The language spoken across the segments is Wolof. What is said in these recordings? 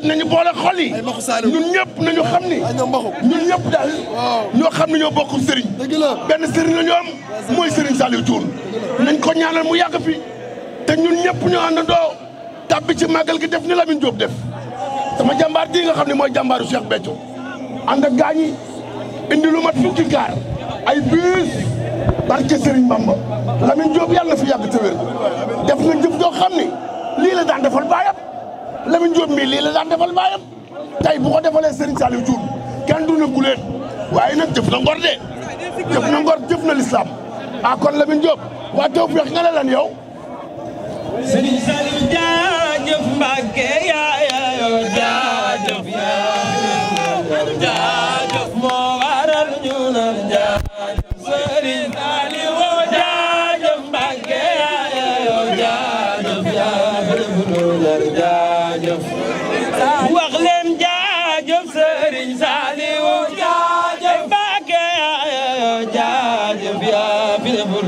xool nañu boole xol yi ñun ñëpp nañu xam ni ñun ñëpp daal ñoo xam ne ñoo bokk sëriñ benn sëriñ la ñu am mooy sëriñ Saliou Thioune nañ ko ñaanal mu yàgg fi te ñun ñëpp ñoo àndandoo tàbbi ci màggal gi def ni Lamine Diop def sama jàmbaar ji nga xam ne mooy jàmbaaru Cheikh Béthio ànd ak gaañi indi lu mat fukki kaar ay bus barke Serigne Bamba Lamine Diop yàlla na fi yàgg te wér def na jëf joo xam ni lii la daan defal baayam Lamine Diop mii lii la daan defal baayam tey bu ko defalee Serigne kenn du na guleen waaye nag jëf na ngor de jëf na ngor jëf na lislaam a ah, kon Lamine Diop waa taw feex nga ne lan yow Serigne Saliou jaajëf Mbacke yaay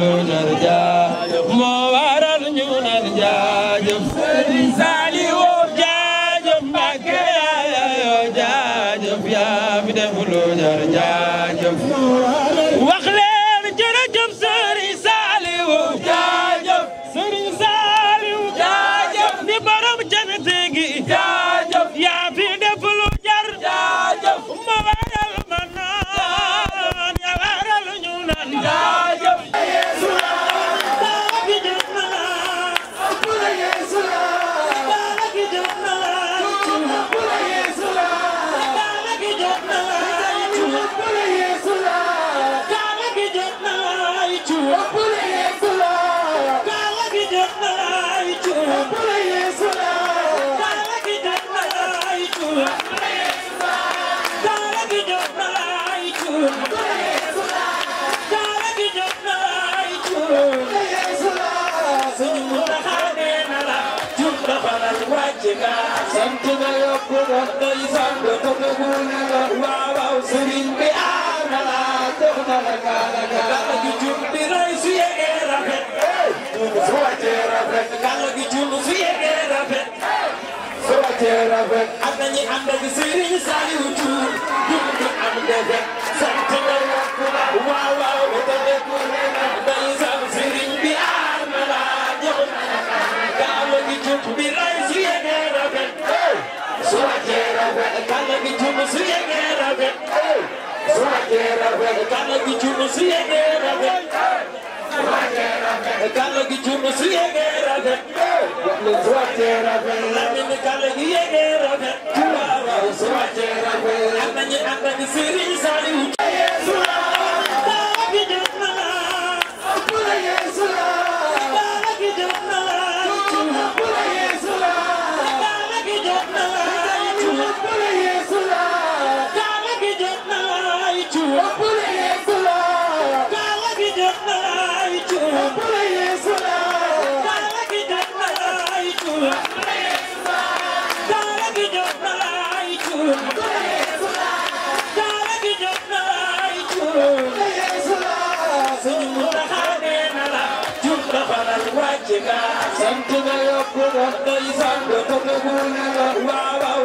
ñu nar jaajëf moo waral ñu nar jaajëf Sëriñ Saliwu jaajëf Mbàkke yaayoo jaajëf yaa fi def lu jar jaajëf Fatima sant na yokku doon doy sant ko te guuna doon waaw waaw sëriñ bi aar na laa jox na la kaala kaala gi jur bi rëy su yegee rafet su wàccee rafet kaala gi jur su yegee rafet su wàccee rafet am nañu ànd ak sëriñ Saliou Thiour jur bi am defet sant na yokku waaw waaw te guuna su yeggee rafet. su su yeggee rafet. su wàccee gi cuuma su su wàccee rafet. lamin su wàccee rafet. am nañu am nañu Serigne Saliou. sant na yokku doon day sant ko ko bu ne la waaw